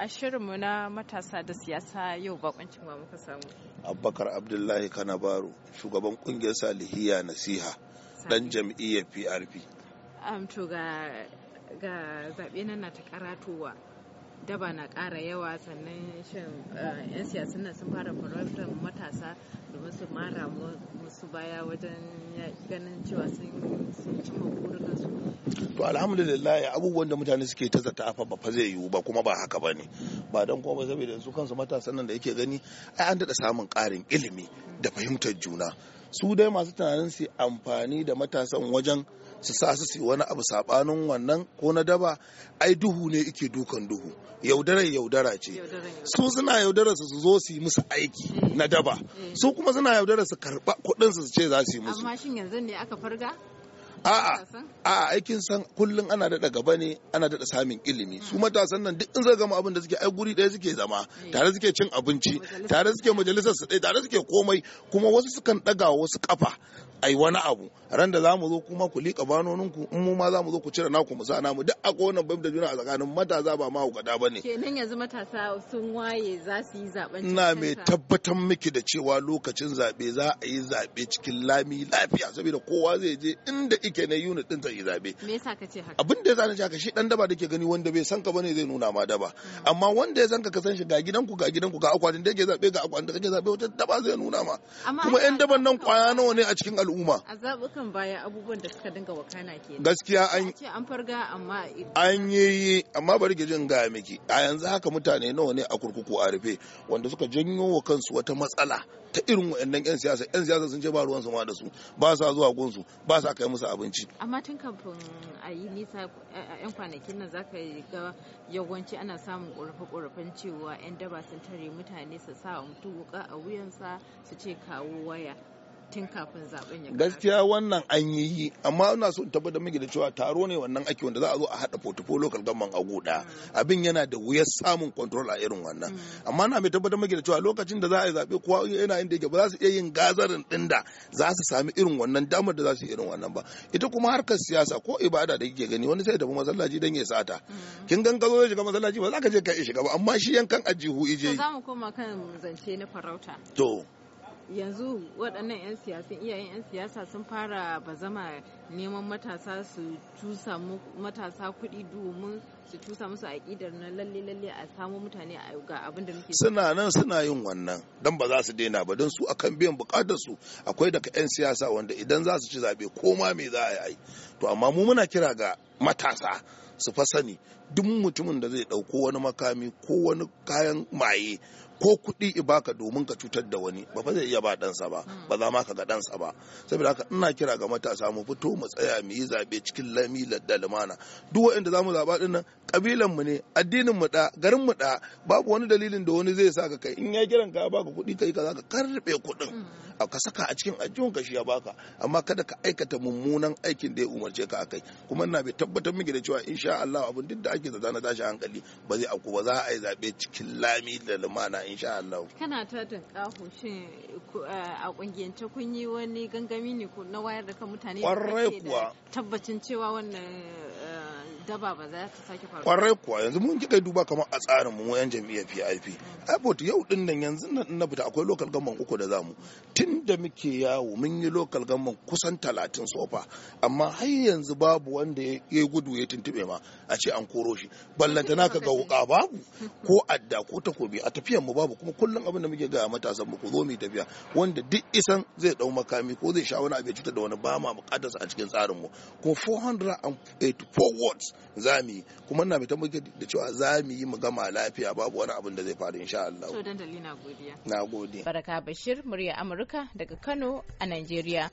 a shirinmu na matasa da siyasa yau bakuncin ma muka samu. Abubakar Abdullahi Kanabaru, shugaban kungiyar Salihiya Nasiha, dan jam'iyyar PRP. Um, to ga, zaɓe nan na ta karatowa daba na ƙara yawa sannan shin eh, 'yan siyasan sun fara farautar matasa domin su mara su baya wajen ganin cewa sun To alhamdulillah abubuwan da mutane suke ta zata afa ba fa zai yiwu ba kuma ba haka ba ne ba don kuma saboda su kansu matasan nan da yake gani ai an daɗa samun ƙarin ilimi da fahimtar juna su dai masu tunanin su amfani da matasan wajen su sa su su wani abu sabanin wannan ko na daba ai duhu ne ike dukan duhu yaudarar yaudara ce su suna yaudarar su zo su yi musu aiki na daba su kuma suna yaudarar su karba kudin su ce za su yi musu amma shin yanzu ne aka farga a'a a'a aikin san kullum ana daɗa gaba ne ana daɗa samun ilimi su matasan nan duk in zai gama abin da suke ai guri daya suke zama eh. tare suke cin abinci tare suke majalisar su tare suke komai kuma wasu sukan ɗaga wasu kafa ai wani abu ran da zamu zo kuma ku liƙa banoninku in mu ma zamu zo ku cire naku mu sa mu duk akwai wannan babu da juna a tsakanin mataza ba ma hukada bane kenan yanzu matasa sun waye za su yi zaben ina mai tabbatar miki da cewa lokacin zabe za a yi zabe cikin lami lafiya saboda kowa zai je inda ike na unit din ta yi zabe me yasa kace haka abin da ya zana haka shi dan daba dake gani wanda bai san ka bane zai nuna ma daba hmm. amma wanda ya san ka san shi ga ku ga ku ga akwatin da yake zabe ga akwatin da kake zabe wata daba zai nuna ma kuma yan daban nan kwaya nawa ne a cikin al'umma a zabukan baya abubuwan da suka dinga wakana ke gaskiya an ce an farga amma an yi amma bari gijin ga miki a yanzu haka mutane nawa ne a kurkuku a rufe wanda suka janyo wa kansu wata matsala ta irin waɗannan 'yan siyasa 'yan siyasa sun ce ba ruwan ma da su ba sa zuwa gunsu ba sa kai musu abinci amma tun kafin a yi nisa 'yan kwanakin nan zaka ga yawanci ana samun ƙorafe-ƙorafen cewa 'yan daba sun tare mutane su sa mutu wuka a wuyansa su ce kawo waya tun kafin zaben ya gaskiya wannan an yi amma ina so tabbatar miki da cewa taro ne wannan ake wanda za a zo a hada portfolio local government a guda mm. abin yana da wuyar samun control a irin wannan mm. amma na mai tabbatar miki da cewa lokacin da za a yi zabe kowa yana inda yake ba za su iya yin gazarin din da za su sami irin wannan damar da za su yi irin wannan ba ita kuma harkar siyasa ko ibada da kike gani wani sai da masallaci dan ya sata mm. kin gan ka zo ya shiga masallaci ba za ka je ka shiga ba amma shi yankan ajihu ije to za mu koma kan zance na farauta to yanzu waɗannan 'yan siyasan iyayen 'yan siyasa sun fara bazama neman matasa su cusa matasa kuɗi domin su cusa musu aƙidar na lalle lalle a samu mutane ga abin da muke suna nan suna yin wannan dan ba za su daina ba don su akan biyan bukatar su akwai daga 'yan siyasa wanda idan za su ci zaɓe koma me za a yi to amma mu muna kira ga matasa su fa sani duk mutumin da zai ɗauko wani makami ko wani kayan maye ko kuɗi ibaka domin ka cutar da wani ba zai iya ba ɗansa ba hmm. ba za ma ka ga ɗansa ba saboda haka ina kira ga matasa mu fito mu tsaya mu yi zaɓe cikin lami da lumana duk waɗanda za mu zaɓa ɗin nan ƙabilan mu ne addinin mu ɗa garin mu ɗa babu wani dalilin da wani zai sa ka kai in ya kiran ka baka kuɗi kai ka za ka karɓe kuɗin hmm. ka saka a cikin ajiyar ka shi ya baka amma kada ka aikata mummunan aikin da ya umarce ka akai kuma ina bai tabbatar miki da cewa insha Allah abin duk da ake zata na tashi hankali ba zai aku ba za a yi zabe cikin lami da lumana insha Allah kana ta tunkaho shin a kungiyance kun yi wani gangami ne ko na wayar da kan mutane kwarai kuwa tabbacin cewa wannan daba kwarai kuwa yanzu mun kika duba kamar a tsarin mu yan jam'iyyar PIP airport yau din nan yanzu nan na fita akwai lokal government uku da zamu da muke yawo mun yi local government kusan talatin sofa amma har yanzu babu wanda ya gudu ya tuntube ma a ce an koro shi ballanta ka ga wuka babu ko adda ko takobi a tafiyar mu babu kuma kullum abin da muke ga matasan mu ku zo mu tafiya wanda duk isan zai dau makami ko zai sha wani abu ya cutar da wani ba ma bukatarsa a cikin tsarin mu ko 484 words za mu yi kuma ina mai tabbatar da cewa za mu yi mu gama lafiya babu wani abin da zai faru insha Allah. dandali na godiya. Na gode. Baraka Bashir murya Amurka daga Kano a Najeriya.